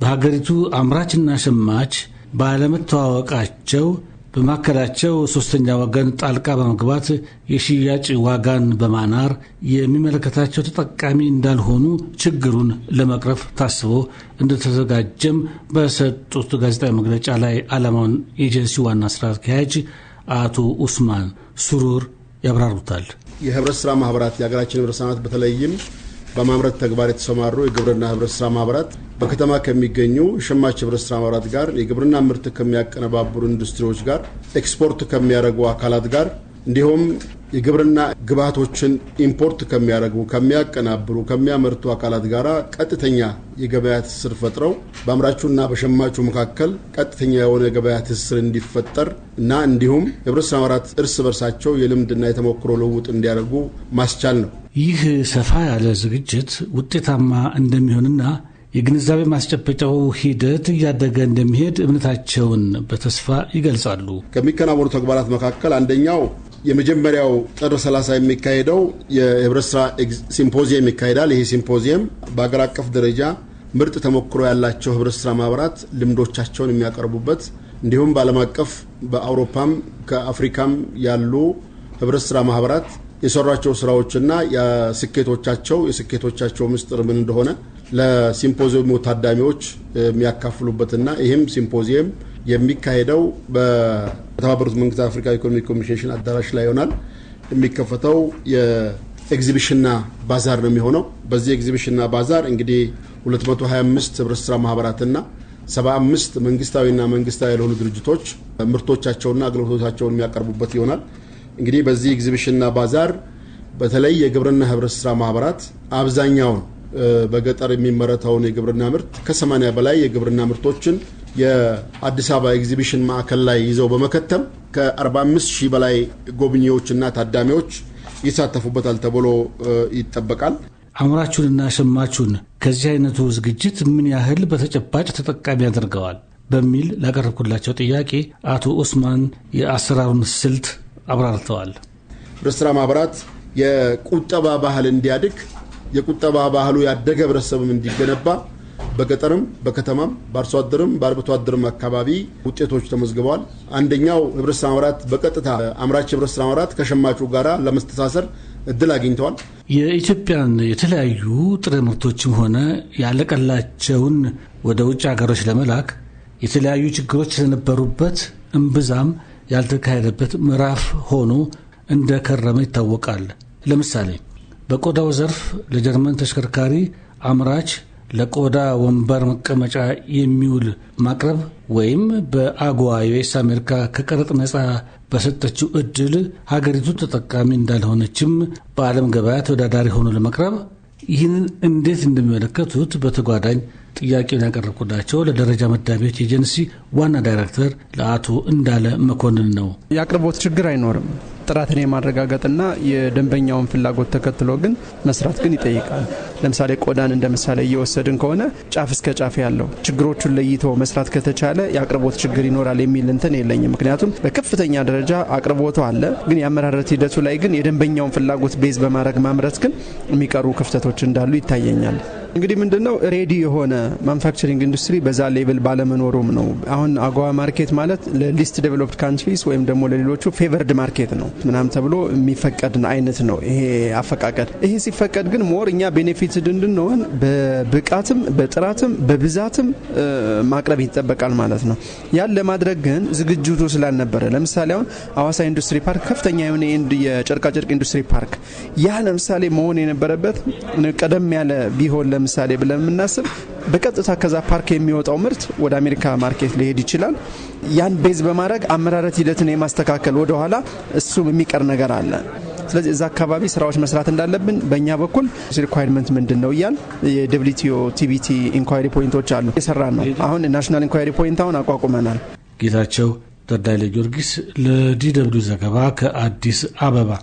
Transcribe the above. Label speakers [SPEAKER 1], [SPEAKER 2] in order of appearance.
[SPEAKER 1] በሀገሪቱ አምራችና ሸማች ባለመተዋወቃቸው በማከላቸው ሶስተኛ ወገን ጣልቃ በመግባት የሽያጭ ዋጋን በማናር የሚመለከታቸው ተጠቃሚ እንዳልሆኑ ችግሩን ለመቅረፍ ታስቦ እንደተዘጋጀም በሰጡት ጋዜጣዊ መግለጫ ላይ ዓላማውን ኤጀንሲ ዋና ስራ አስኪያጅ አቶ ኡስማን ሱሩር ያብራሩታል።
[SPEAKER 2] የህብረት ስራ ማህበራት የሀገራችን ህብረት በተለይም በማምረት ተግባር የተሰማሩ የግብርና ህብረት ስራ ማህበራት በከተማ ከሚገኙ ሸማች ህብረት ስራ ማህበራት ጋር፣ የግብርና ምርት ከሚያቀነባብሩ ኢንዱስትሪዎች ጋር፣ ኤክስፖርት ከሚያደርጉ አካላት ጋር እንዲሁም የግብርና ግብዓቶችን ኢምፖርት ከሚያደርጉ ከሚያቀናብሩ ከሚያመርቱ አካላት ጋር ቀጥተኛ የገበያ ትስስር ፈጥረው በአምራቹና በሸማቹ መካከል ቀጥተኛ የሆነ የገበያ ትስስር እንዲፈጠር እና እንዲሁም የህብረት ስራ ማህበራት እርስ በርሳቸው የልምድና የተሞክሮ ልውውጥ እንዲያደርጉ ማስቻል ነው።
[SPEAKER 1] ይህ ሰፋ ያለ ዝግጅት ውጤታማ እንደሚሆንና የግንዛቤ ማስጨበጫው ሂደት እያደገ እንደሚሄድ እምነታቸውን በተስፋ ይገልጻሉ።
[SPEAKER 2] ከሚከናወኑ ተግባራት መካከል አንደኛው የመጀመሪያው ጥር 30 የሚካሄደው የህብረት ስራ ሲምፖዚየም ይካሄዳል። ይህ ሲምፖዚየም በአገር አቀፍ ደረጃ ምርጥ ተሞክሮ ያላቸው ህብረት ስራ ማህበራት ልምዶቻቸውን የሚያቀርቡበት እንዲሁም በዓለም አቀፍ በአውሮፓም ከአፍሪካም ያሉ ህብረት ስራ ማህበራት የሰሯቸው ስራዎችና የስኬቶቻቸው የስኬቶቻቸው ምስጢር ምን እንደሆነ ለሲምፖዚየሙ ታዳሚዎች የሚያካፍሉበትና ይህም ሲምፖዚየም የሚካሄደው በተባበሩት መንግስታት አፍሪካ ኢኮኖሚ ኮሚሽን አዳራሽ ላይ ይሆናል። የሚከፈተው የኤግዚቢሽንና ባዛር ነው የሚሆነው። በዚህ ኤግዚቢሽንና ባዛር እንግዲህ 225 ህብረት ስራ ማህበራትና 75 መንግስታዊና መንግስታዊ ያልሆኑ ድርጅቶች ምርቶቻቸውና አገልግሎቶቻቸውን የሚያቀርቡበት ይሆናል። እንግዲህ በዚህ ኤግዚቢሽንና ባዛር በተለይ የግብርና ህብረት ስራ ማህበራት አብዛኛውን በገጠር የሚመረተውን የግብርና ምርት ከ80 በላይ የግብርና ምርቶችን የአዲስ አበባ ኤግዚቢሽን ማዕከል ላይ ይዘው በመከተም ከ45 ሺህ በላይ ጎብኚዎችና ታዳሚዎች ይሳተፉበታል ተብሎ
[SPEAKER 1] ይጠበቃል። አምራቹንና ሸማቹን ከዚህ አይነቱ ዝግጅት ምን ያህል በተጨባጭ ተጠቃሚ ያደርገዋል በሚል ላቀረብኩላቸው ጥያቄ አቶ ኡስማን የአሰራሩን ስልት አብራርተዋል።
[SPEAKER 2] ህብረተስራ ማህበራት የቁጠባ ባህል እንዲያድግ የቁጠባ ባህሉ ያደገ ህብረተሰብም እንዲገነባ በገጠርም በከተማም በአርሶ አደርም በአርብቶ አደርም አካባቢ ውጤቶች ተመዝግበዋል። አንደኛው ህብረተሰብ ማህበራት በቀጥታ አምራች ህብረተሰብ ማህበራት ከሸማቹ ጋር ለመስተሳሰር እድል አግኝተዋል።
[SPEAKER 1] የኢትዮጵያን የተለያዩ ጥሬ ምርቶችም ሆነ ያለቀላቸውን ወደ ውጭ ሀገሮች ለመላክ የተለያዩ ችግሮች ስለነበሩበት እምብዛም ያልተካሄደበት ምዕራፍ ሆኖ እንደከረመ ይታወቃል። ለምሳሌ በቆዳው ዘርፍ ለጀርመን ተሽከርካሪ አምራች ለቆዳ ወንበር መቀመጫ የሚውል ማቅረብ ወይም በአጓ ዩኤስ አሜሪካ ከቀረጥ ነፃ በሰጠችው እድል ሀገሪቱ ተጠቃሚ እንዳልሆነችም በዓለም ገበያ ተወዳዳሪ ሆኖ ለመቅረብ ይህንን እንዴት እንደሚመለከቱት በተጓዳኝ ጥያቄውን ያቀረብኩላቸው ለደረጃ መዳቢዎች ኤጀንሲ ዋና ዳይሬክተር ለአቶ እንዳለ መኮንን ነው።
[SPEAKER 3] የአቅርቦት ችግር አይኖርም። ጥራትን የማረጋገጥና የደንበኛውን ፍላጎት ተከትሎ ግን መስራት ግን ይጠይቃል። ለምሳሌ ቆዳን እንደ ምሳሌ እየወሰድን ከሆነ ጫፍ እስከ ጫፍ ያለው ችግሮቹን ለይቶ መስራት ከተቻለ የአቅርቦት ችግር ይኖራል የሚል እንትን የለኝም። ምክንያቱም በከፍተኛ ደረጃ አቅርቦቱ አለ፣ ግን የአመራረት ሂደቱ ላይ ግን የደንበኛውን ፍላጎት ቤዝ በማድረግ ማምረት ግን የሚቀሩ ክፍተቶች እንዳሉ ይታየኛል። እንግዲህ ምንድነው ሬዲ የሆነ ማኑፋክቸሪንግ ኢንዱስትሪ በዛ ሌቭል ባለመኖሩም ነው። አሁን አጓ ማርኬት ማለት ለሊስት ዴቨሎፕድ ካንትሪስ ወይም ደግሞ ለሌሎቹ ፌቨርድ ማርኬት ነው ምናም ተብሎ የሚፈቀድ አይነት ነው ይሄ አፈቃቀድ። ይሄ ሲፈቀድ ግን ሞር እኛ ቤኔፊትድ እንድንሆን በብቃትም በጥራትም በብዛትም ማቅረብ ይጠበቃል ማለት ነው። ያን ለማድረግ ግን ዝግጅቱ ስላልነበረ ለምሳሌ አሁን አዋሳ ኢንዱስትሪ ፓርክ ከፍተኛ የሆነ የጨርቃጨርቅ ኢንዱስትሪ ፓርክ ያ ለምሳሌ መሆን የነበረበት ቀደም ያለ ቢሆን ለምሳሌ ብለን የምናስብ በቀጥታ ከዛ ፓርክ የሚወጣው ምርት ወደ አሜሪካ ማርኬት ሊሄድ ይችላል። ያን ቤዝ በማድረግ አመራረት ሂደትን የማስተካከል ወደኋላ እሱ የሚቀር ነገር አለ። ስለዚህ እዛ አካባቢ ስራዎች መስራት እንዳለብን በእኛ በኩል ሪኳርመንት ምንድን ነው እያል የደብሊቲዮ ቲቢቲ ኢንኳሪ ፖይንቶች አሉ የሰራ ነው። አሁን ናሽናል ኢንኳሪ ፖይንት አሁን አቋቁመናል።
[SPEAKER 1] ጌታቸው ተዳይለ ጊዮርጊስ ለዲ ደብልዩ ዘገባ ከአዲስ
[SPEAKER 3] አበባ